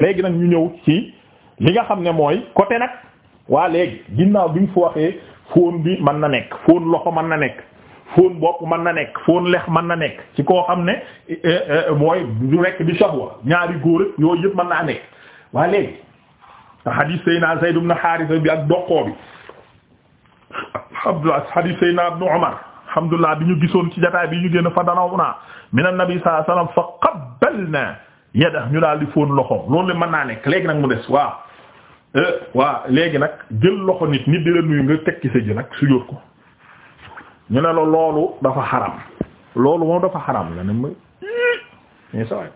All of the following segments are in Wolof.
léegi nag ñu ñëw ci li nga xam ne mooy côté nag waa léegi ginnaaw bi ñu fi waxee fóon bi mën na nekk fóon loxo mën na nekk fóon bopp mën na nekk foon lex mën na nekk ci koo xam ne eh, eh, eh, mooy du rekk di shahwa ñaari góor yooyu yëpp mën naa nekk waa léegi hadith sayna Zayd ibn Haarisa bi ak doqoo bi abdoulah hadith sayna ibn Umar alhamdulillah bi ñu gisoon ci jotaay bi ñu génn fa danaw naa min a nabi sallallahu alayhi wasallam fa qabbalna yada ñu daal di fóon loxoom loolu le mën naa nekk léegi nag mu des waaw euh, waa léegi nag jël loxo nit nit di la nuyu nga teg ci sa ji nag sujjóot ko ñu ne la loolu dafa xaram loolu moom dafa xaram la ne ma mais sawaay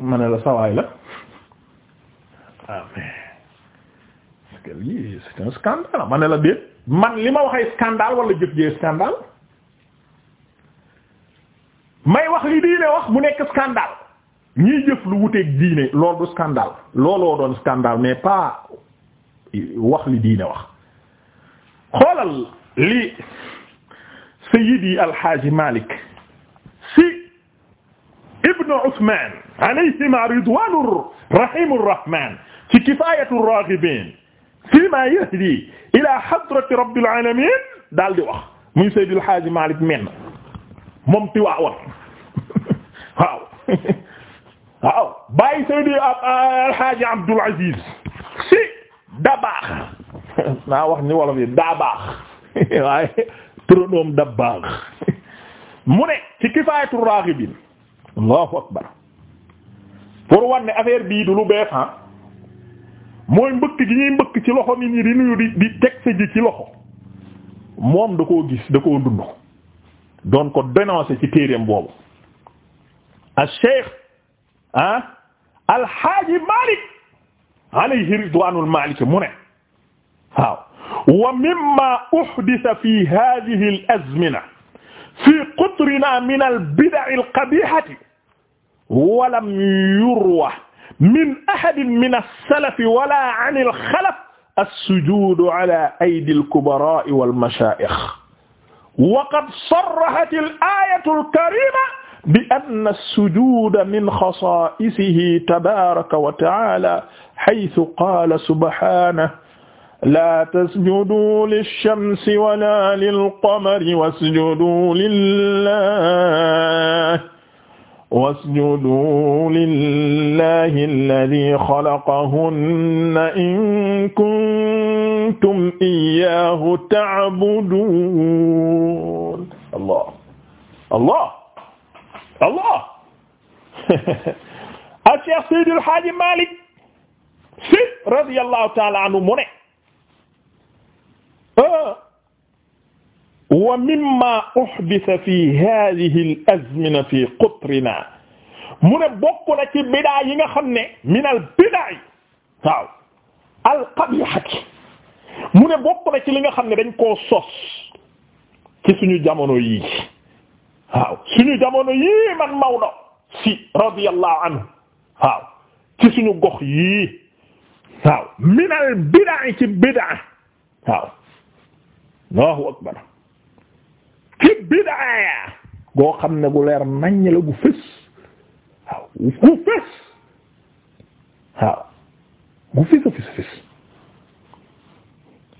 ma ne la sawaay la waaw ah, ma ne la déet man li ma waxee scandale walla jëf jee scandale may wax li diine wax mu nekk scandale ñiy jëf lu wuteeg diine loolu du scandale looloo doon scandale mais pas wax li diine wax xoolal li sayyidi alxaaji Malik si ibnu Usmaan alayhima ridwaanu rahimu rahmaan ci kifaayatu raaghibiin fiimaa yahdi ilaa hadrati rabbil aalamiin daal wax muy sayyidi alxaaji Malik men moom ti waaw bàyyi Seydi Alxaaji euh, Abdul Aziz si da baax naa wax ni wolof yi daa baax waaye turandoom da baax mu ne ci Kifaayatu Raaxibiin Allahu akbar pour wan ne affaire bii du lu bees ah. mooy mbëkk gi ñuy mbëkk ci loxo nit ñi di nuyu di di teg sa ji ci loxo moom da koo gis da koo dund doon ko dénoncer ci téereem boobu a Cheikh ah alxaaji Malik alayhi ridwanul Malik mu ne waaw wa mimma uhditha fi hadhihi al azmina fi qutrina min al bid'a al qabihati wa lam yurwa min ahadin min as-salaf wala an al khalaf as-sujud ala aydi al kubara wal mashayikh wa qad sarrahat al ayatu al karima bi anna as-sujuuda min xasaa'isihi tabaaraka wa ta'aala haysu qaala subhaanahu laa tasjuduu lish-shamsi wa laa lil-qamari wasjuduu lillaahi wasjuduu lillaahi alladhii khalaqahunna in kuntum iyyaahu ta'buduun. Allah Allah. allah a Cheikh Seydil Haaji Malik si radiyallahu taala anhu mu ne ah, wa mimma uhditha fi hadhihi al azmina fi qutrina mu ne bokk na ci bidaa yi nga xam ne min al bidaa waaw al qabihati mu ne bokk na ci li nga xam ne dañ koo sos ci suñu jamono yi waaw suñu jamono yii man Maodo si radiyallahu anhu waaw ci suñu gox yii waaw minal bid'a ci bid'a waaw Allahu akbar ci bid'a goo xam ne gu leer naññ la gu fës waaw gu fës waaw gu fës a fës fës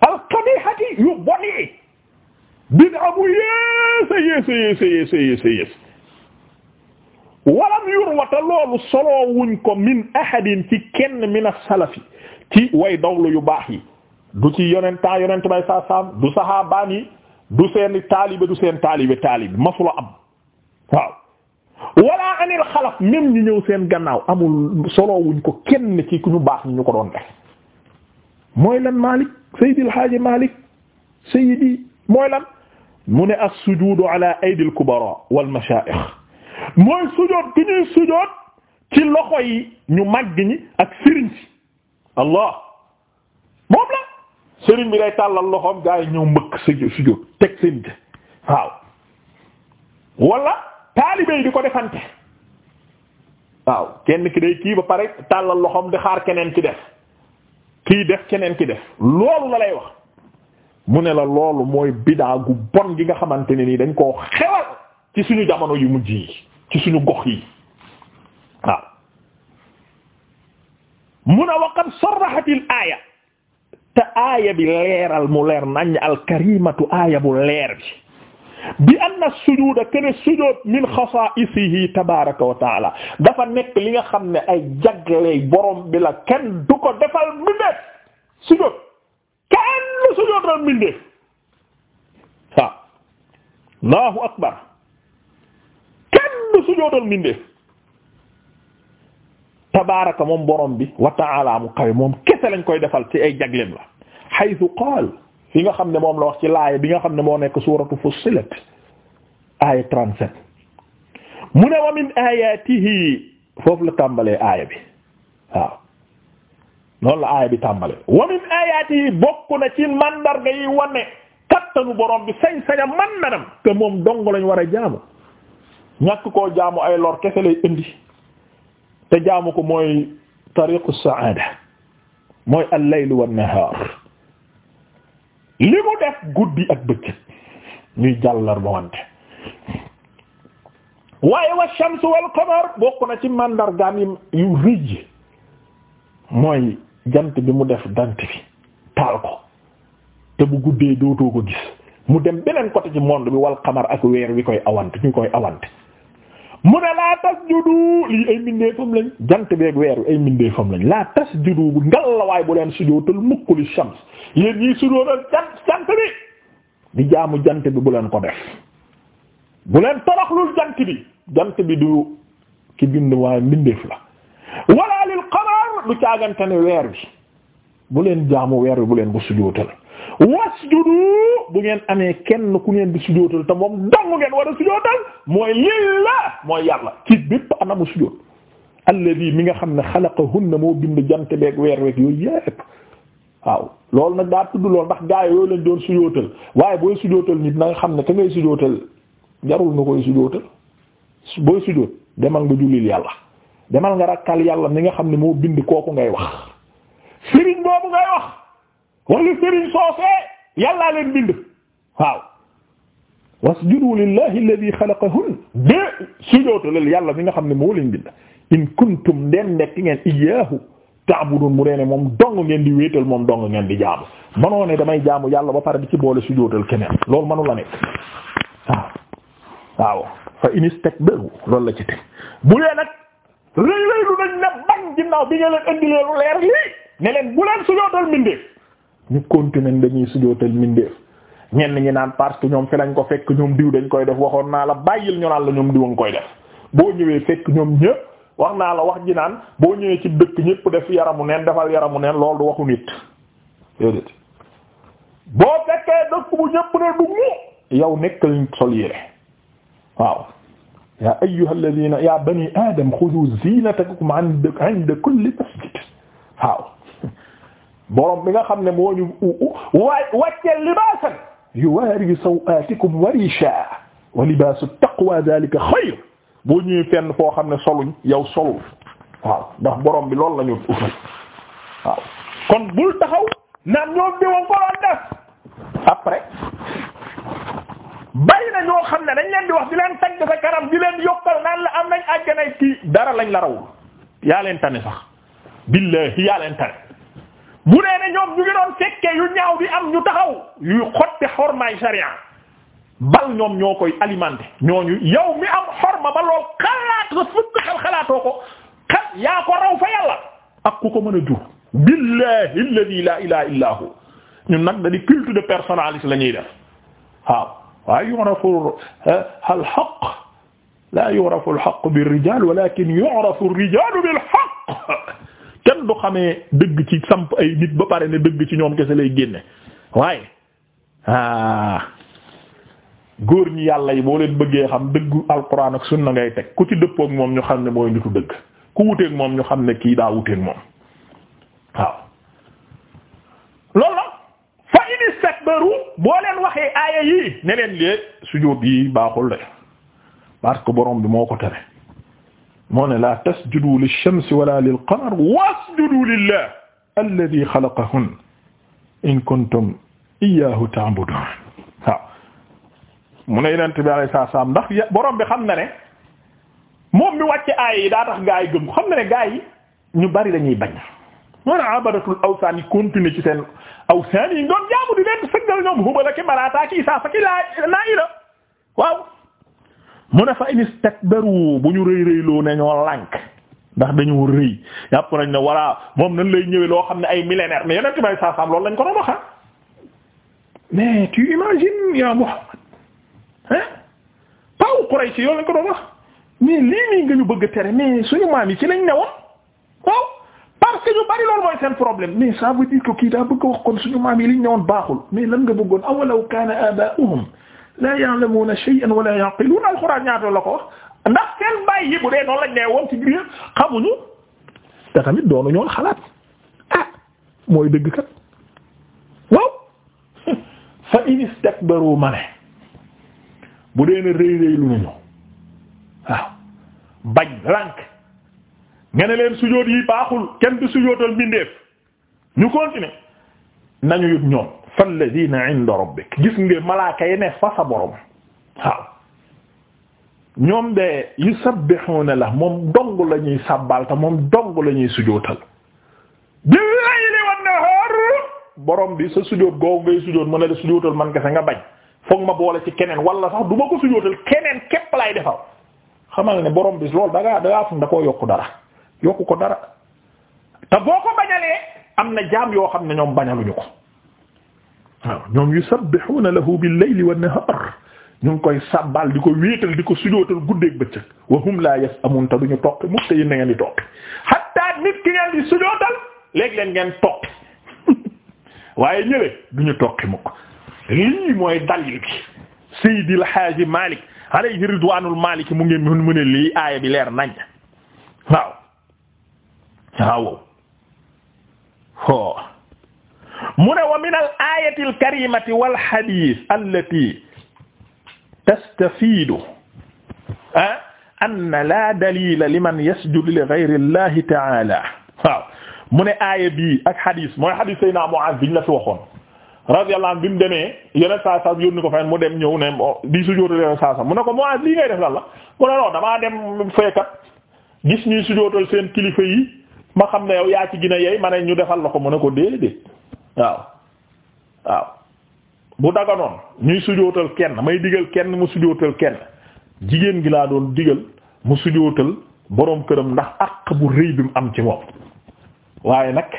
al qabihati yu bon bid'a bu yéesa yéesa yéesa yéesa yéesa yéesa loolu soloo wuñ ko min ahadin ci kenn min as-salafi ci way dawlu yu baax yi du ci yonentaa yonent bay saa saam du sahaabaan yi du seen taalibe du seen taalibe taalibe masula am waaw wala anil xalaf même ñu ñëw seen gannaaw amul soloo wuñ ko kenn ci ñu baax ñu ko doon def mooy lan Malik Seydil Haaji Malik Seydi mooy lan mu ne as-sujuudu ala aydil kubaraa wal mashaayix mooy sujoot ki ñuy sujoot ci loxo yi ñu màgg ñi ak sëriñ si allah moom la sëriñ bi day tàllal loxoom gaa yi ñëw mbëkk su sujoot teg seen ji waaw wala taalibe yi di ko defante waaw kenn ki day kii ba pare tàllal loxoom di xaar keneen ki def kii def keneen ki def loolu la lay wax mu ne la loolu mooy bidaagu gu bon gi nga xamante ne nii dañ koo xewal ci suñu jamono yu mujj yi ci suñu gox yi waaw mun a waqad sarrahatil aaya te aaya bi leeral mu leer nañ alkarimatu aaya bu leer bi bi anna sujuuda kene sujuud min xasaa'isihi tabaaraka wa dafa nekk li nga xam ne ay jagley borom bi la kenn du ko defal mu def sujjóotal mbindeef waaw allahu akbar kenn du sujjóotal mbindeef tabaaraka moom borom bi wa ta'ala mu kawe koy defal ci ay jagleem la haythu qaal fi nga xam ne moom la wax ci laaya bi nga xam ne moo nekk suuratu fussilat aaya 37 mu ne wa min ayatihi foofu la tàmbalee aaya bi loolu la aaya bi tàmbale wa min ayati bokk na ci màndarga yi wane kattanu borom bi sañ-saña man nanam te moom dong lañ war a jaamu ñàkk koo jaamu ay lor kese lay indi te jaamu ko mooy tariqu saada mooy al-layl wa li mu def guddi ak bëccëg ñuy jàllar ba wante waaye wa shamsu wal qamar bokk na ci mandargaam yi yu rëy mooy jant bi mu def dant bi taal ko te bu guddee dootoo ko gis mu dem beneen côté ci monde bi wal xamar ak weer wi koy awante ñu koy awante mu ne laa tas juddu lii ay mbindeefam lañ jant bi ak weer wi ay mbindeefam lañ laa tas juddu bu ngalawaay bu leen sujootal mukk li shams yéen ñii sujootal jant bi di jaamu jant bi bu leen ko def bu leen toroxlul jant bi jant bi du ki bind waaye mbindeef la wala du caagante ne weer bi bu leen jaamu weer bi bu leen ko sujootal wasjudu bu ngeen amee kenn ku ngeen di sujootal te moom dong ngeen war a sujootal mooy lillah mooy yàlla ci bépp anamu sujoot alladi mi nga xam ne xalaqahunna moo bind jant beeg weer weeg yooyu yépp waaw loolu nag daa tudd lool ndax gaa yooyu lañ doon sujootal waaye booy sujootal nit na nga xam ne ka ngay sujootal jarul nga koy sujootal booy sujoot demal nga jullil yàlla demal nga rakkal yàlla mi nga xam ne moo bind kooku ngay wax sëriñ boobu ngay wax wala sëriñ soosee yàllaa leen bind waaw wasjudu lillahi alladhi xalaqahun de sujootalal yàlla mi nga xam ne moo leen bind in kuntum ndeen nekk ngeen iyaahu ta'budun mu dee moom dong ngeen di wéetal moom dong ngeen di jaamu manoon damay jaamu yàlla ba pare di ci boole sujootal keneen loolu manu la nekk waaw waaw fa in istakbaru loolu la ci teg bu dee nag rëy rëy nañ ne bañ ginnaaw bi nga leen indilee lu leer lii ne leen bu leen sujootal mbindeef ñu continuer dañuy sujootal mbindeef ñenn ñi naan parce que ñoom fi lañ ko fekk ñoom diw dañ koy def waxoon naa la bàyyil ñu naan la ñoom diw a koy def boo ñëwee fekk ñoom ñëpp wax naa la wax ji naan boo ñëwee ci dëkk ñëpp def yaramu neen defal yaramu neen loolu du waxu nit déedéet boo fekkee dëkk bu ñëpp ne dugg yow nekkal sol yére waaw yaa ayyuhal ladina yaa bani Adam xudu zinatakum inda kulli masjid waaw borom bi nga xam ne moo ñu waay wàcceel libaasan yuwaari saw'aatikum wa riisha wa libaasu taqwa zaalika xayr boo ñuy fenn foo xam ne soluñ yow solul waaw ndax borom bi loolu la ñu utal waaw kon bul taxaw naan ñoom di woon ko def après. leen di wax di leen tagg sa kanam di leen yokkal naan la am nañ àjjanay kii dara lañ la rawul yaa leen tane sax billahi yaa leen tane bu dee ne ñoom ñu ngi doon fekkee yu ñaaw bi am ñu taxaw yu xotti xormaay sharia bal ñoom ñoo koy alimenté ñooñu yow mi am xorma ba lool xalaat sa fukk xel xalaatoo ko xel yaa ko raw fa yàlla ak ku ko mën a jur billahi la ilaha illa hu ñun nag da di culte de personnalité lañuy ñuy def waaw waaye yu'rafu al-haqq laa yu'rafu al-haqq bir-rijaal walaakin yu'rafu ar kenn du xamee dëgg ci samp ay nit ba pare ne dëgg ci ñoom kese lay génne waaye góor ñi yàlla yi boo leen bëggee xam dëgg alquran ak sunna ngay teg ku ci dëppook moom ñu xam ne mooy nitu dëgg ku wuteeg moom ñu xam ne kii daa wuteeg moom waaw loolu la istakbaru boo leen waxee aaya yii ne leen lee sujjóot yi baaxul de parce que borom bi moo ko tere moo ne la tasjudu lish-shamsi wala lil-qamar wasjudu lillahi alladhi khalaqahun mu ne yonent bi salaam ndax borom xam na ne moom mi wàcce aaya yi daa tax gaa xam na ne gaa yi ñu bari dañuy bañ moo na abadatul awsaan yi continuer ci seen awsaan yi doon jaamu di leen sëggal ñoom Hubal ak Maraata ki Isaaf ak Naa'ila waaw mu ne fa in istakbaru bu ñu rëy rëyloo ne ñoo lànk ndax dañoo rëy yàpp nañ ne moom nan lay ñëwee loo xam ne ay millénaire mais yonent bay saa saam loolu lañ ko doon wax mais tu imagines ya Muhammad hein paw Quraysh yoolu lañ ko doon wax lii mii nga ñu bëgg tere mais suñu maam ci lañ ne woon waaw parce que ñu bari loolu mooy seen problème mais ça veut dire que kii daa bëgg a wax kon suñu maam yi liñ ñëwoon baaxul mais lan nga bëggoon awalaw kaana abaa'uhum laa ya'lamuuna shay'an wa laa yaqiluun la ko na ndax seen baay yi bu dee noonu lañ nee woon ci biir xamuñu te tamit doonu ñoon xalaat ah mooy dëgg kat waaw fa in istakbaru ma bu dee ne rëy rëy bañ lank nga ne leen sujjóot yi baaxul kenn du sujjóotal mbindeef ñu continuer nañu yut ñoom falladina inda rabbik gis nga malaaka yi ne fa sa borom waaw ñoom de yusabbihuna la moom dong la ñuy sàbbal te moom dong la ñuy sujjóotal bil layli wan nahar borom bi sa sujjóot googu ngay sujjóot mu ne la sujjóotal man kese nga bañ foog ma boole ci keneen wala sax du ma ko sujjóotal keneen képp lay defal xamal ne borom bi loolu da ngaa da ngaa koo yokk dara. yokku ko dara te boo ko bañalee am na jaam yoo xam ne ñoom bañaluñu ko waaw ñoom yusabbihuna lahu bil layli wan nahar ñu ngi koy sàbbal di ko wéetal di ko sujootal guddeeg bëccëg wa hum la yasamun te duñu toqi mukk yi léegi leen ngeen toqi waaye ñële duñu toqi mukk lii mooy dalil bi Seydil Haaji Malik alayhi ridwanul Maliki mu ngeen mun mu ne lii aaya bi leer nañ waaw mu ne wa min al ayati al karimati wal hadith allati tastafidu ah an la dalila liman yasjudu li ghayri allahi ta'ala waaw mu ne aaya bii ak hadith mooy hadith sayna Mu'adh biñ la fi waxoon radiyallahu anhu bi mu demee yeneen saa saa yónni ko fenn mu dem ñëw ne oh, di sujjóotal yeneen saa saa mu ne ko Mu'adh lii ngay def lan la mu ne non damaa dem fekkat gis ñuy sujjóotal seen kilifa yi ma xam ne yow yaa ci gina yey ma ne ñu defal la ko mu ne ko déedéet waaw waaw bu daganoon ñuy sujootal kenn may digal kenn mu sujootal kenn jigéen gi laa doon digal mu sujootal boroom këram ndax àq bu rëy bi mu am ci moom waaye nag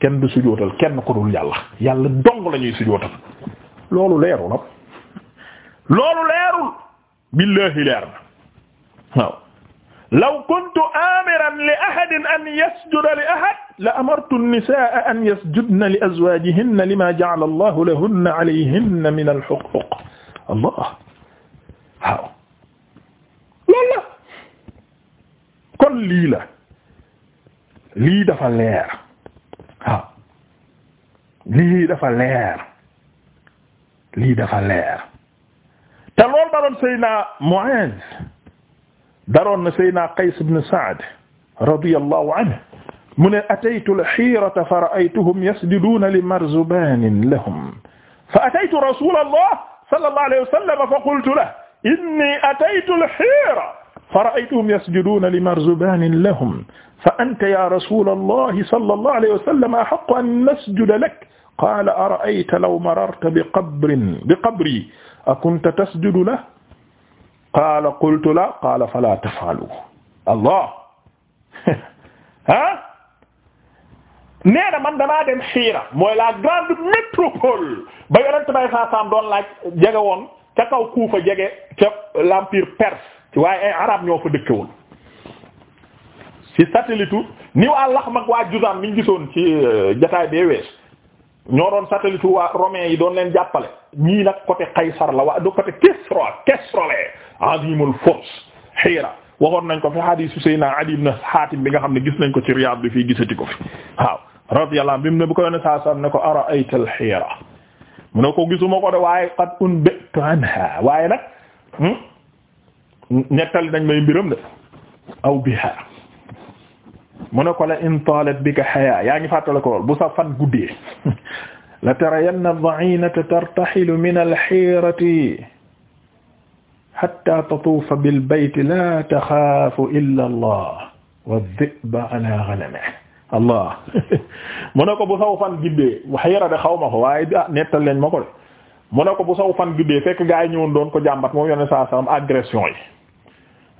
kenn du sujootal kenn ko dul yàlla yàlla dong la ñuy loolu leeru am loolu leerul billaahi leer na waaw law kuntu amiran li ahadin an yasjuda li ahad la amartu nisaa an yasjudna li azwajihinna lima ja'ala allahu lahunna alayhinna min alhuquq allah waaw loolu la kon lii la lii dafa leer waaw lii dafa leer lii dafa leer te loolu ba doon Seydina Mu'aaz daroon na Seydina Qays ibn Sa'd radiyallahu anhu mu ne ataytu al-hiirata fa ra'aytuhum yasjuduuna li marzubaanin lahum fa ataytu rasuulallah sallallahu alayhi wa sallam fa qultu lahu innii ataytu al-hiira fa ra'aytuhum yasjuduuna li marzubaanin lahum fa anta yaa rasuulallahi sallallahu alayhi wa sallam ahaqqu an nasjuda lak qaala ara'ayta law mararta bi qabrin bi qabrii akunta tasjudu lahu qaala qultu la qaala fala tafaalu allah ah nee man damaa dem xiira mooy la grande métropole ba yonent bay saa saam doon laaj jege woon ca kaw Kuufa jege ca l'empire perse waaye ay arab ñoo fa dëkkewul ci satellite u ni waa Laxm ak waa Juzam mi gisoon ci euh, jotaay bee wees ñoo doon satellite romain yi doon leen jàppale ñii nag côté Qaysar la waa du côté Kisra Kisra la azimul furs Hira waxoon nañ ko fi hadiisu Seydina Adi ibn Hatim bi nga xam ne gis nañ ko ci Riyad bi fii gisati ko fi waaw radiyallahu anhu bi mu ne bu ko yónnee saa ne ko ara'ayta al-Hira mu ne ko gisuma ko de waaye qad unbi'tu anha waaye nag hmm? nettali nañ may mbiram de aw biha mu ne ko la in talat bika haya yaa ngi fàttale ko bu sa fan guddee la tarayanna dacinata tartaxilu min alxiirati xatta tatuufa bilbayti la taxaafu illa allah wa diba allah mu ko bu saw fan giddee xiira de xaw ma ko waaye ah nettal leen ma ko de mu ko bu saw fan giddee fekk gaa yi ñëwoon doon ko jàmbat moom yone saa salaam agression yi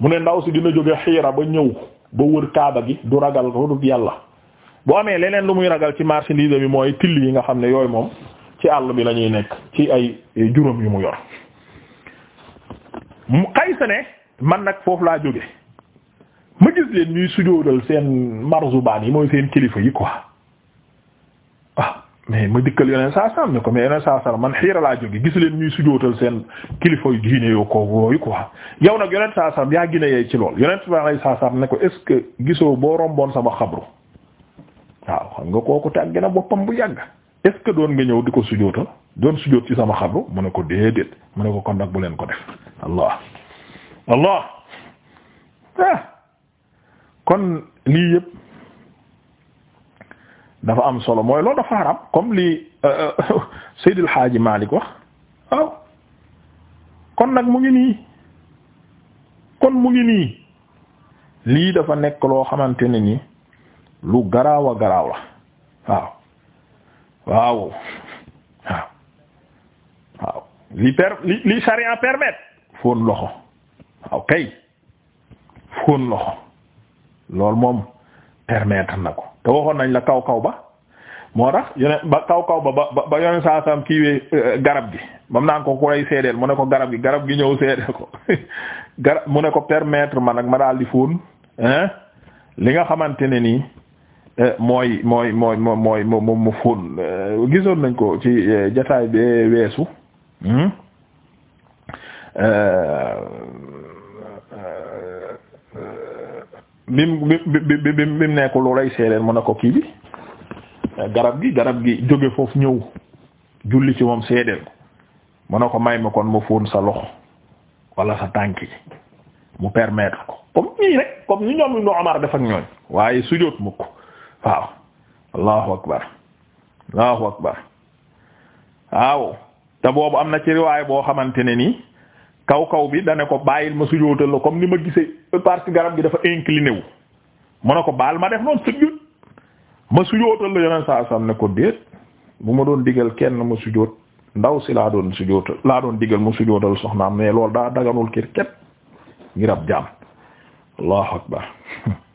mu ne ndaw si dina jóge xiira ba ñëw ba wër kaaba gi du ragal du yàlla boo amee leneen lu muy ragal ci marchandise bi mooy till yi nga xam ne yooyu moom ci àll bi la ñuy nekk ci ay juróom yu mu yor mu xay ne man nag foofu laa jóge ma gis leen ñuy sujoodal seen marzubaan yi mooy seen kilifa yi quoi ah mais ma dikkal yeneen saa saam ne ko mais yeneen saa saam man xiira laa jóge gis leen ñuy sujootal seen kilifa yu diine yoo ko yooyu quoi yow nag yeneen saa saam yaa gine yey ci lool yeneen saa saam ne ko est ce que gisoo boo romboon sama xabru waaw xam nga kooku tàgge na boppam bu yàgg est-ce doon nga ñëw di ko sujootal doon sujoot ci sama xabru mu ne ko déedéet mu ne ko kon nag ko def allah allah ah lii yëpp dafa am solo mooy loolu dafa xaram lii euh, euh, Seydil Hadji Malick wax kon nag mu ngi nii kon mu ngi nii lii dafa nekk loo xamante ne nii lu garaaw a garaaw la waaw waaw waaw waaw li per li li charia permettre fóon loxo waaw kay fóon loxo loolu moom permettre na ko te waxoon nañ la kaw kaw ba moo tax yoneen ba kaw kaw ba ba ba yoneen saa saam kiiwee euh, garab gi bam naa ko ku lay mu ne ko garab gi garab gi ñëw seedeel ko garab mu ne ko permettre ma nag ma daal di fóon li nga xamante ne nii Eh, mooy mooy mooy mooy moom mu fóon eh, gisoon nañ ko ci eh, jataay bi weesu hmm? bi mu bi bi mu nekk lu rey séeréer mu ne ko kii bi garab gi garab gi jóge foofu ñëw julli ci moom seedeel mu ne ko may ma kon mu fóon sa loxo wala sa tànk yi mu permettre ko comme nii rek comme ni ñoom ñu Omar def ak ñooñ waaye sujóot mukk waaw allahu akbar allahu akbar waaw te boobu am na ci riwaay boo xamante ne nii kaw kaw bi dane ko bàyyil ma sujjóotal la comme ni ma gisee partie garab gi dafa incliné wu mu ne ko baal ma def noonu sujjóot ma sujjóotal la yeneen saa sam ne ko déet bu ma doon digal kenn ma sujjóot ndaw si laa doon sujjóotal laa doon digal ma sujjóotal soxnaam mais loolu daa daganul kër ket ngir ab jaam allahu akbar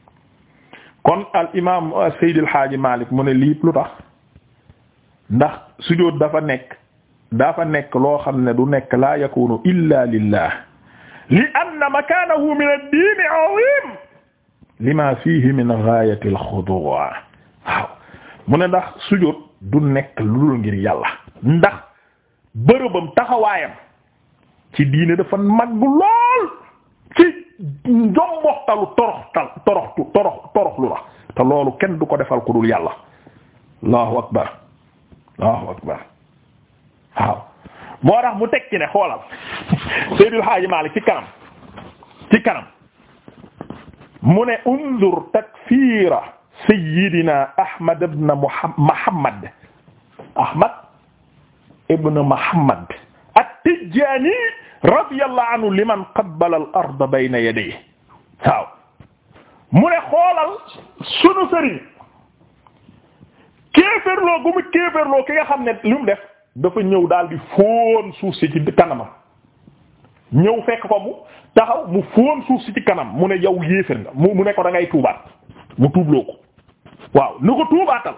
kon al imaam euh, Seydi El Hadji Malick mu ne lii lu tax ndax sujjóot dafa nekk dafa nekk loo xam ne du nekk laa yakunu illa lillah li anna makaanahu min ad-diin azim lima fihi min gaayati al-xudu' waaw mu ne ndax sujjóot du nekk lu dul ngir yàlla ndax bërëbam taxawaayam ci diine dafa mag lool njomboxtalu toroxtal toroxtu torox toroxlu la loolu kenn du ko defal ku dul yàlla allahu akbar allahu akbar waaw mu teg ci ne xoolal Seydil Haaji Maalik kanam ci kanam mu ne unzur takfiira sayyidina Ahmad ibn Muhammad Ahmad ibn Muhammad at radiyallahu anhu liman qabbala al arda bayna yadayhi waaw mu ne xoolal sunu sëriñ kéeférloo gu mu kéeférloo ki nga xam ne li mu def dafa ñëw daal di fóon suuf si ci kanamam ñëw fekk ko mu taxaw mu fóon suuf si ci kanam mu ne yow yéefér nga mu ne ko da tuubaat mu tuubloo ko waaw nu ko tuubaatal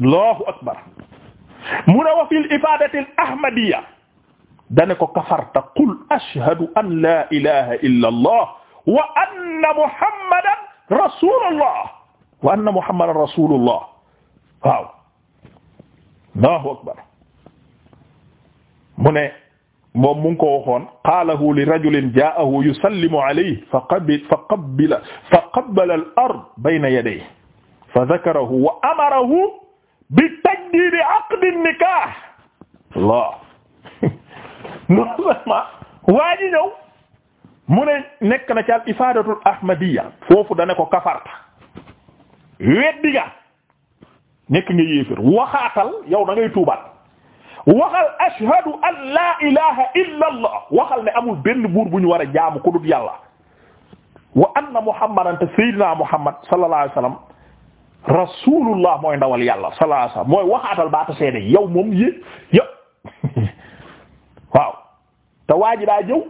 allahu akbar mu ne wa fil ifaadatil dane ko kafarta qul ashhadu an la ilaha illa allah wa anna muhammadan rasulullah wa anna muhammadan rasulullah waaw allahu akbar mu ne moom mu ngi ko waxoon qaalahu li rajulin jaahu yusallimu alayhi fa qabbala fa qabbala al ard bayna yadayhi fa dakarahu wa amarahu bi tajdid aqd an nikah allah non waa ji ñëw mu ne nekk na ci al ifadatul foofu dane ko kafarta weddi nga nekk nga yéefér waxaatal yow da ngay tuubaat waxal ashhadu an la ilaha illa waxal ne amul benn buur bu ñu war a jaamu ku dut yàlla wa anna muhammadan te sayyidina muhammad sallallahu alayhi wasallam mooy ndawal yàlla sallallahu alayhi mooy waxaatal baata seede yow moom yi yow waaw te waa ji daa jëw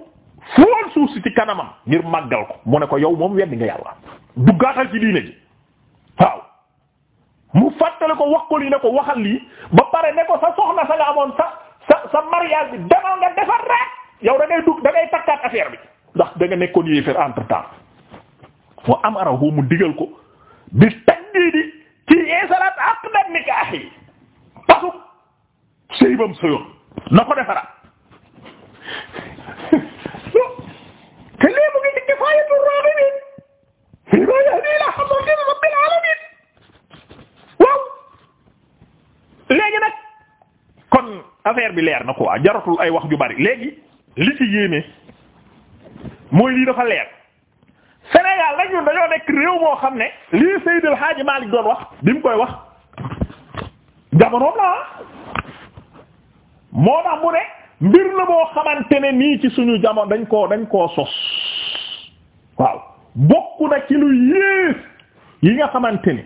fool suuf si ci kanamam ngir màggal ko mu ne ko yow moom weddi nga yàlla duggaatal ci diine ji waaw mu fàttale ko wax ko lii ne ko waxal lii ba pare ne ko sa soxna sa nga amoon sa sa sa mariage bi demal nga defar rek yow da ngay dugg da ngay takkaat bi ndax danga nekkoon yéeféer entre temps wa amarahu mu digal ko bi tagdiidi ci yeesalaat aqdan nikaahi pasu sëybam sëyoon na ko defaraat te léegi mu ngi ci kifaayatu raaghibiin fii maa yahdi ilaa hadrati léegi nag kon affaire bi leer na quoi jaratul ay wax ju bari léegi li ci génne mooy lii dafa leer Sénégal nag ñun dañoo nekk réew moo xam ne lii Seydil Hadji Malick doon wax bi mu koy wax jamonoom la ah. moo tax mu ne. mbir la boo xamante ne nii ci suñu jamono dañ koo dañ koo sos waaw bokk na ci lu yées yi nga xamante ni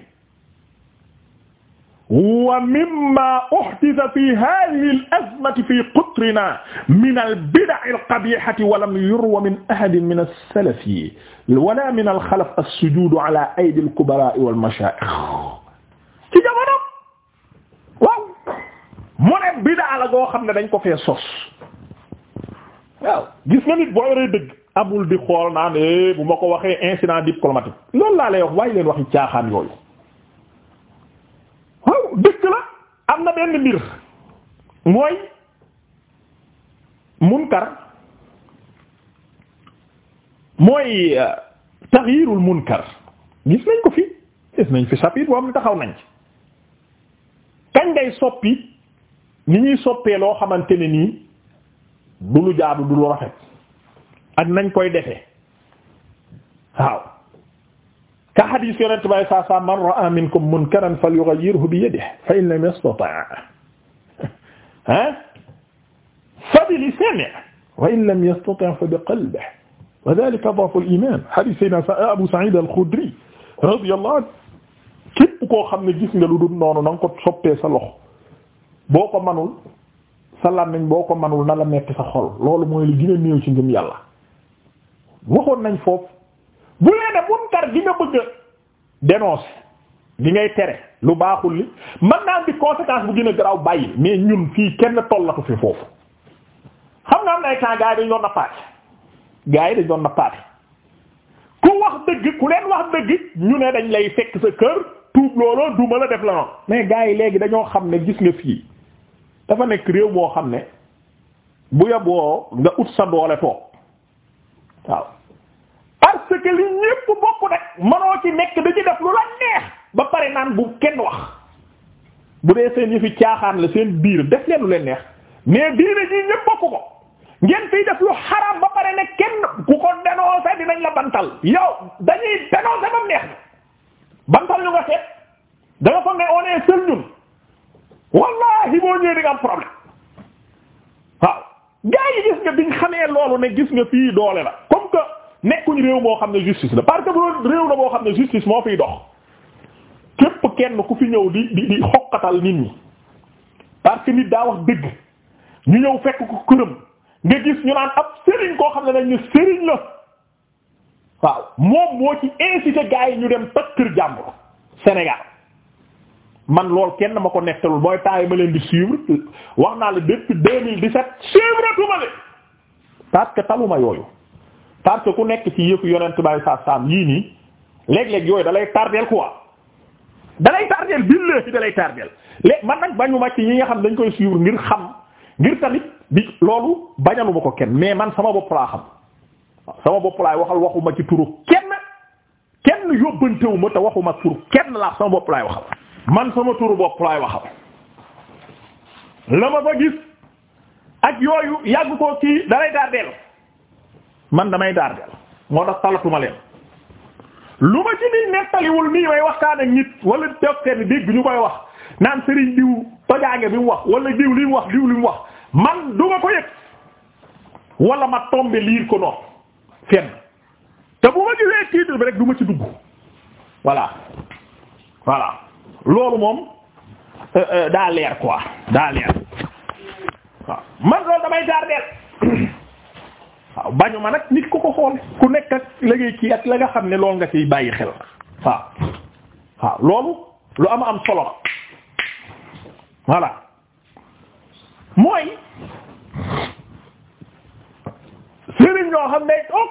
wa mimma uhditha fi hadhihi al-azmati fi qutrina min al-bida' al-qabihati wa lam yurwa min ahadin min as-salaf wala min al-khalaf as-sujud ala aydi al-kubara wal mashayikh même bidaa la goo xam ne dañ ko fee sos waaw gis nga nit boo waree dëgg amul di xool naan eh, bu ma ko waxee incident diplomatique loolu laa lay wax waaye leen waxi caaxaan yooyu waaw dëgg la am na benn mbir mooy munkar mooy euh, taxyirul munkar gis nañ ko fi gis nañ fi sapir boo am ne taxaw nañ ci kañ ngay soppi ni ñuy soppee loo xamante ne nii du lu jaadu du lu rafet ak nañ koy defee waaw ka xadiis yonent bay saa saa man ra'a minkum munkaran falyughayyirhu bi yadihi fa in lam yastati' ha fa bi lisanihi wa in lam yastati' fa bi qalbihi wa dhalika adhafu al-iman xadiis sayyidina Abu Sa'id al-Khudri radiyallahu anhu képp koo xam ne gis nga lu dul noonu na nga ko soppee sa loxo boo ko manul sa nañ boo ko manul na la metti sa xol loolu mooy li gën néew ci ngëm yàlla waxoon nañ foofu bu leen ne munkar gi nga bëgg a dénoncer li ngay tere lu baaxul li man naa di conséquence bu gën a garaaw bàyyi mais ñun fii kenn tollatu fi foofu xam nga am na ay temps gars yi dañ doon na paate gars yi dañ doon na paate ku wax dëgg ku leen wax dëgg ñu ne dañ lay fekk sa kër tuub looloo duma a def la noonu mais gars yi léegi dañoo xam ne gis nga fii dafa nekk réew moo xam ne bu yaboo nga ut sa doole toog waaw parce que ñépp bokk nag manoo ci nekk da ci def lu la neex ba pare naan bu kenn wax bu dee seen yëfi caaxaan la seen biir def leen lu leen neex mais diine ji ñépp bokk ko ngeen fiy def lu xaraam ba pare ne kenn ku ko dénoncé dinañ la bantal yow dañuy dénoncé ba neex na bantal ñu nga seet da nga foog ne on ñun wallahi boo ñëwee di am problème waaw gaa yi gis nga biñ xamee loolu ne gis nga fii doole la comme que nekkuñ réew moo xam ne justice la parce que bu réew la boo xam ne justice moo fiy dox képp kenn ku fi ñëw di di di xokkatal nit ñi parce que nit daa wax dëgg ñu ñëw fekk ko këram nga gis ñu naan ab sëriñ koo xam ne dañ ne sëriñ la waaw moom moo ci incité gaa yi ñu dem toj kër jàmbur Sénégal man lool kenn ma ko nettalul mooy taay ma leen di suivre wax naa la depuis 2017 suivre que taluma yooyu parce que ku nekk ci yëfu yonent bay sa saam yii nii léeg-léeg yooyu dalay tardeel quoi dalay tardeel billahi dalay tardeel léeg man nag bañu ma ci ñi nga xam dañ koy suivre ngir xam ngir tamit bi loolu bañalu ma ko kenn mais man sama bopp laa xam sama bopp laay waxal waxuma ci turu kenn kenn yóbbantewu ma te waxuma turu kenn laa sama bopp laay waxal man sama turu bopp laay waxal la ma fa gis ak yooyu yàgg ko kii dalay daardeel man damay daardeel moo tax talatuma leen lu ma ci nii nettaliwul nii may waxtaan ak nit wala docteur dégg ñu koy wax naan sëriñ diw tojaange bi mu wax wala diw li wax diw li wax man duma ko yëg walla ma tombe liir ko noonu fenn te bu ma gisee bi rek du ci dugg voilà voilà loolu moom euh, euh, daa leer quoi daa leer waaw man loolu damay tardeel waaw bañu ma nag nit ku ko xool ku nekk ak léegi kii ak la nga xam ne loolu nga ciy bàyyi xel waaw waaw loolu lu am am solo la voilà mooy sëriñ ñoo xam ne toog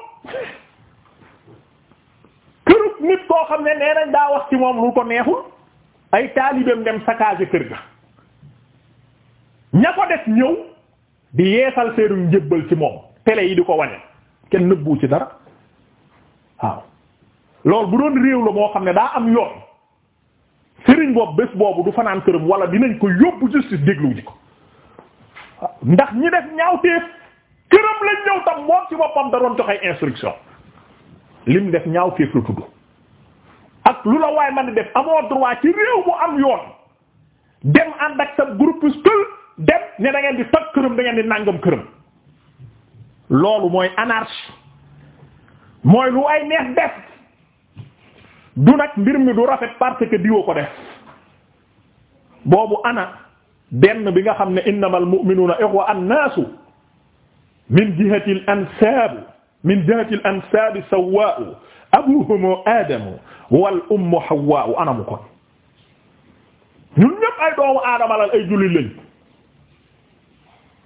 kërug nit koo xam ne nee nañ daa wax ci moom lu ko neexul ay taalibeem dem saccager kër ga ña ko def ñëw di yeesal seenu njëbbal ci moom télé yi di ko wane kenn nëbbu ci dara waaw loolu bu doon réew la moo xam ne daa am yoon sëriñ boobu bés boobu du fanaan këram wala dinañ ko yóbbu justice déglu ji ko ndax ñi def ñaawteef këram lañ ñëw tam moom ci boppam da doon joxe instruction lim def ñaawteef la tudd lu la waay man di def amoo droit ci réew mu am yoon dem ànd ak sa groupuscule dem ne da di toj këram da ngeen di nàngam këram loolu mooy anarchie mooy lu ay neex def du nag mbir mi du rafet parce que diwo ko def boobu ana benn bi nga xam ne innamal mu'minuna ikhwa an-naasu min jihati al min jihati al-ansaab abuhumu aadamu wal ummu hawwaa anamu kon ñun ñëpp ay doomu aadama lañ ay jullit lañ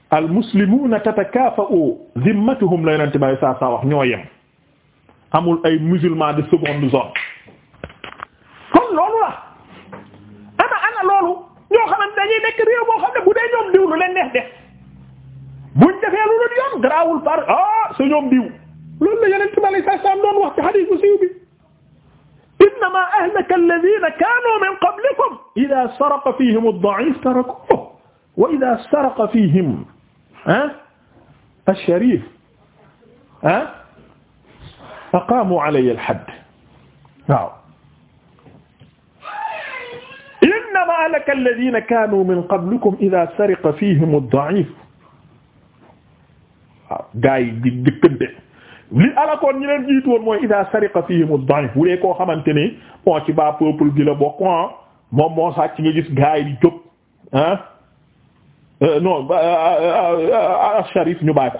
al muslimuuna tatakaafa'u zimmatuhum la yonent bi saa saa wax ñoo yem amul ay musulman de seconde zone kon loolu la ana ana loolu ñoo xamante dañuy nekk réew boo xam ne bu dee ñoom diw lu leen neex def buñ defee lu dul yoon ah sa ñoom diw. loolu la yeneen tubaab yi saa saa doon wax ci hadith bu siiw bi. innama ahlaka alladhina kanu min qablikum idha saraqa fihim ad-da'if tarakuhu wa idha saraqa fihim ah ash-sharif ah aqamu alayhi al-hadd waaw. innama ahlaka alladhina kanu min qablikum idha saraqa fihim ad-da'if waaw gaa yi di dëkkante li alakoon ñi leen jiitu woon mooy ida sariqa fihim ad-da'if bu dee koo xamante ni moo ci baa peuple gi la bokk ah, moom moo sa sàcc nga gis gaay di jóg ah euh, non euh, euh, sharif ñu bàyyi ko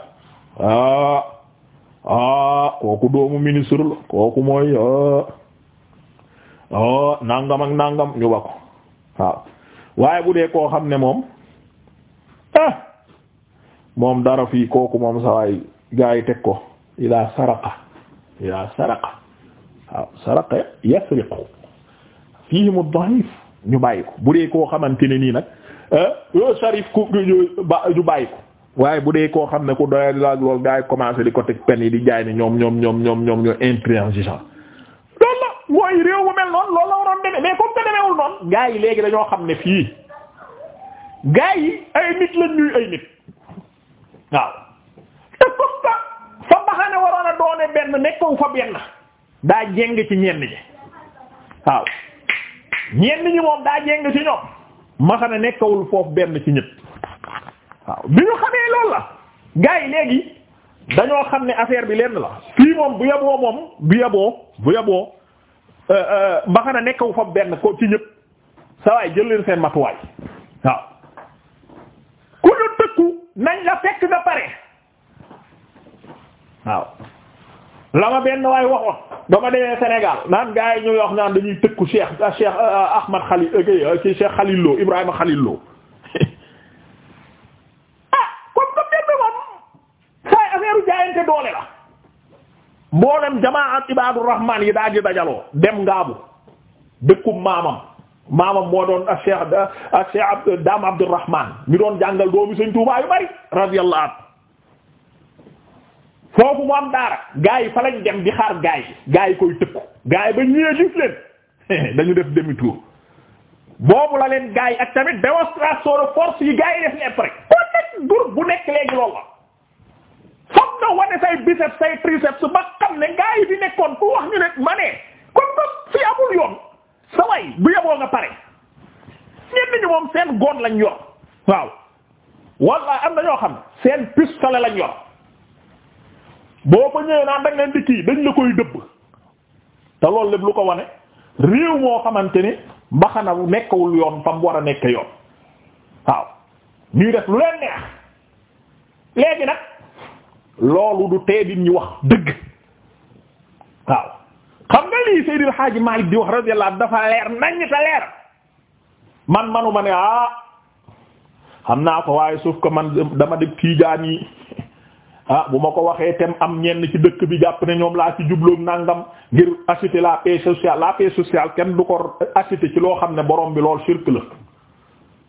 ah ah kooku doomu ministre la kooku mooy ah, ah ak nangam ñu ba ko waaw waaye bu dee koo xam ne moom ah, moom dara fii kooku moom sawaay gaay teg ko ila saraqa ila saraqa waaw saraqa yasriqu fihim ad-da'if ñu bàyyi ko bu dee koo xamante ne nii nag eh, yoo sharif ku ñu bàyyi ko waaye bu dee koo xam ne ku doyal la lool gaa yi commencé di ko teg pen yi di jaay ni ñoom ñoom ñoom ñoom ñoom ñoo intransigeant loolu la mooy réew mel noonu loolu la waroon demee mais comme que demeewul noonu gaa yi léegi dañoo xam ne fii gaa yi ay nit lañ ñuy ay nit waaw fa waroon a doone benn nekkoon fa benn daa jéng ci ñenn ñi waaw ñenn ñi moom daa jéng ci ñoom maxana nekkawul foofu benn ci ñëpp waaw bi ñu xamee loolu la gars yi léegi dañoo xam ne affaire bi lenn la fii moom bu yaboo moom bu yaboo bu yaboo euh, euh, maxana nekkawu foofu benn ko ci ñëpp sa waay jël leen seen matuwaay waaw ku ñu tëkku nañ la fekk nga pare waaw benn waay waxoon ba ma naan gaa yi ñuy wax naan dañuy tëkku Cheikh ah, Cheikh ah, Ahmad Khalil kii ah, Cheikh Khalil Lo Ibrahima Khalil Lo ah comme comme benn woon saay affaire jaayante doole la mboolem jamaat Ibaadu Rahmaan yi daa di dajaloo dem ngaabu dëkkum maamam maamam moo doon ak Cheikh ak Cheikh Dame mi doon jàngal doomi Sëriñ Tuubaa yu radiyallahu anhu foofu mu am daara gaa yi fa lañ dem di xaar gaa yi gaa yi koy tëkku gaa ba ñëwee gis leen dañu def demi boobu la leen gaa yi ak tamit démonstration de force yi gaa def lépp rek kon nag dur bu nekk léegi loolu la foog nga wane say biceps say triceps ba xam ne gaa yi nekkoon ku wax ñu ne ma ne kon nag fi amul yoon sa way bu yeboo nga pare ñenn ñu moom seen goon lañ yor waaw walla am na ñoo xam seen pistolet lañ yor. boo ko ñëwee naan dañ leen di kii dañ la koy dëbb te loolu lépp lu ko wane réew moo xamante ni mbaxana bu nekkawul yoon fam war a nekk yoon waaw ñuy def lu leen neex léegi nag loolu du tee nit wax dëgg waaw xam nga lii Seydil Hadji Malick di wax radiyallahu anhu dafa leer naññ leer man manuma ne ah xam naa ko waaye suuf ko man dama def tiijaan yi ah bu ma ko waxee tem am ñenn ci dëkk bi jàpp ne ñoom laa ci jubloog nangam ngir acheter la paix sociale la paix social kenn du ko acheter ci loo xam ne borom bi lool cirque la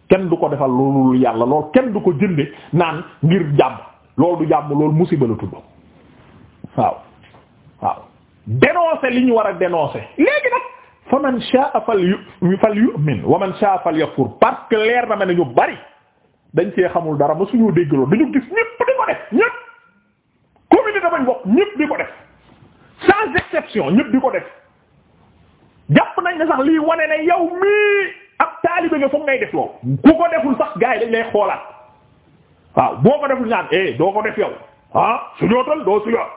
kenn du ko defal loolu yàlla lool kenn du ko jënde naan ngir jàmm loolu du jàmm loolu musiba la tudd waaw waaw dénoncer li ñu war a dénoncer léegi nag fa man a fal yu fal yu'min wa man sha'a fal yakfur parce que leer na ma ne ñu bari dañ cee xamul dara ma suñu dégg loolu dañu communauté bañ bokk ñëpp di ko def sans exception ñëpp di ko def jàpp nañ ne sax lii wane ne yow mii ab taalibe nga foog ngay def lool ku ko deful sax gars yi lay xoolaat waaw boo ko deful ñaan eh doo ko def yow ah sujootal doo sujoot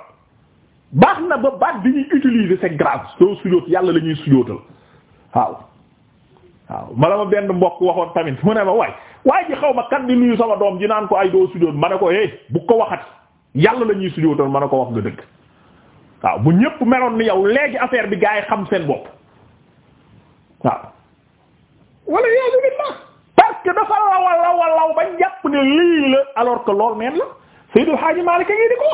baax na ba baat bi ñuy utiliser c'est grave doo sujoot yàlla la ñuy sujootal waaw. waaw ma la ma benn mbokk waxoon tamit mu ne ma waay waaye ji xaw ma kan di nuyu sama doom ji naan ko ay doo sujoot ma ne ko eh bu ko waxati. yàlla la ñuy sujjóotal mën a ko wax nga dëgg waaw bu ñépp meloon ni yow léegi affaire bi gaa yi xam seen bopp waaw wala yaa billah parce que dafa lawal ba jàpp ne lii la alors que lool meen la Seydou Hadji Malick a ngi di ko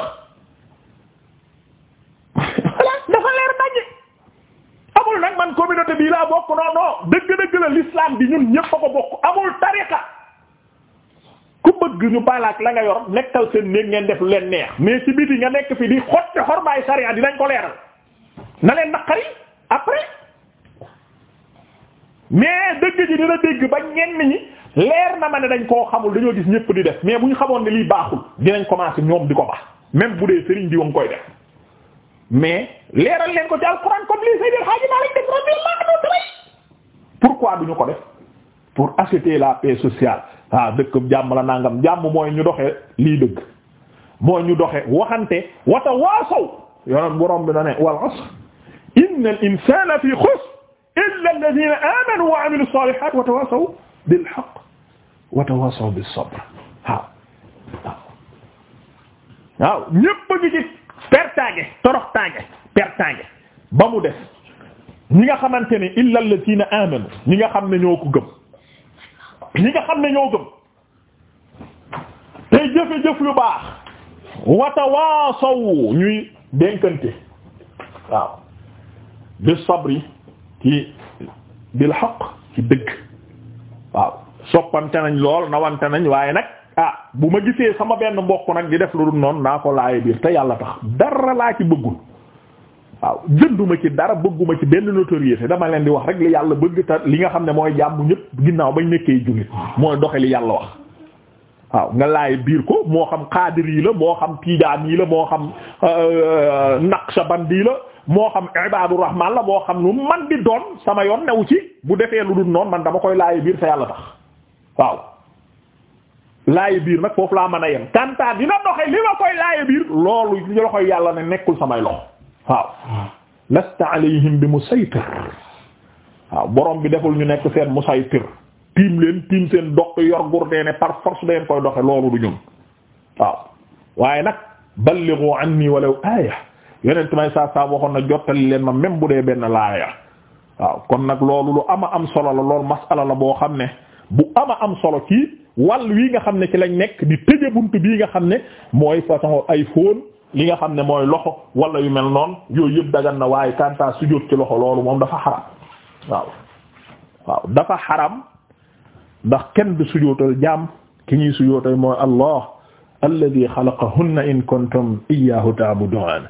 wax dafa leer naññe amul nag man communauté bii laa bokk non non dëgg-dëgg la l'islam bi ñun ñépp a ko bokk amul tariqa ku bëgg ñu balaak la nga yor nekkal seen néeg ngeen def lu leen neex mais ci biti nga nekk fii di xotti xormaay sariya dinañ ko leeral na leen naqari après mais dëgg ji dina dégg ba ñenn ñi leer na ma ne dañ koo xamul dañoo gis ñépp di def mais bu ñu xamoon ne lii baaxul dinañ commencer ñoom di ko baax même bu dee sëriñ di wam koy def mais leeral leen ko ci alxuraan comme lii Seydil Hadji Malick def radiyallahu anhu pourquoi duñu ko def pour acheter la paix sociale waaw ah, dëkk jàmm la nangam jàmm mooy ñu doxe lii dëgg mooy ñu doxe waxante wata waasaw yonen borom bi na ne wal asr inna al fi xusr illa alladhina amanu wa amilu salihat wata bil haqq wata waasaw bis sabr waaw ñépp a ngi ci pertange toroxtange pertange ba mu def ñi nga xamante ne illa alladhina amanu ñi nga xam ne ñoo ko gëm ñi nga xam ne ñoo gëm tey jëfe jëf lu baax watawaasaw ñuy dénkante waaw bis sabri ci bil ci dëgg waaw soppante nañ lool nawante nañ waaye nag ah bu ma gisee sama benn mbokk nag di def lu dul noonu naa ko laay biir te yàlla tax dara laa ci bëggul waaw jënduma ci dara bëgguma ci benn notoriété dama leen di wax rek li yàlla bëgg ta li nga xam ne mooy jàmm ñëpp ginnaaw bañ nekkee jullit mooy doxe li yàlla wax waaw nga laay biir ko moo xam xaadir la moo xam tiijaan yi la moo xam euh, euh, naqshbandi yi la moo xam ibaadu rahmaan la moo xam lu man di doon sama yoon new ci bu defee lu dul noonu man dama koy laay biir sa yàlla tax waaw laaye biir nag foofu laa man a yem kantaa dina doxe li ma koy laaye biir nekkul samay loxo waaw lasta alayhim bi musaytir waaw borom bi deful ñu nekk seen musaytir tiim leen tiim seen doq yor gurdee ne par force dangeen koy doxe loolu du ñun waaw waaye nag ballighu anni walaw aaya yonent may saa saa waxoon na jottali leen ma même bu dee benn laaya waaw kon nag loolu lu ama am solo la lool masala la boo xam ne bu ama am solo ci wàll wii nga xam ne ci lañ nekk di tëje bunt bii nga xam ne mooy façon iPhone li nga xam ne mooy loxo walla yu mel noon yooyu yëpp dagan na waaye kanta sujjóot ci loxo loolu moom dafa xaram waaw waaw dafa xaram ndax kenn du sujjóotal jaam ki ñuy sujjóotal mooy allah alladhi xalaqahunna in kuntum taabu ta'budun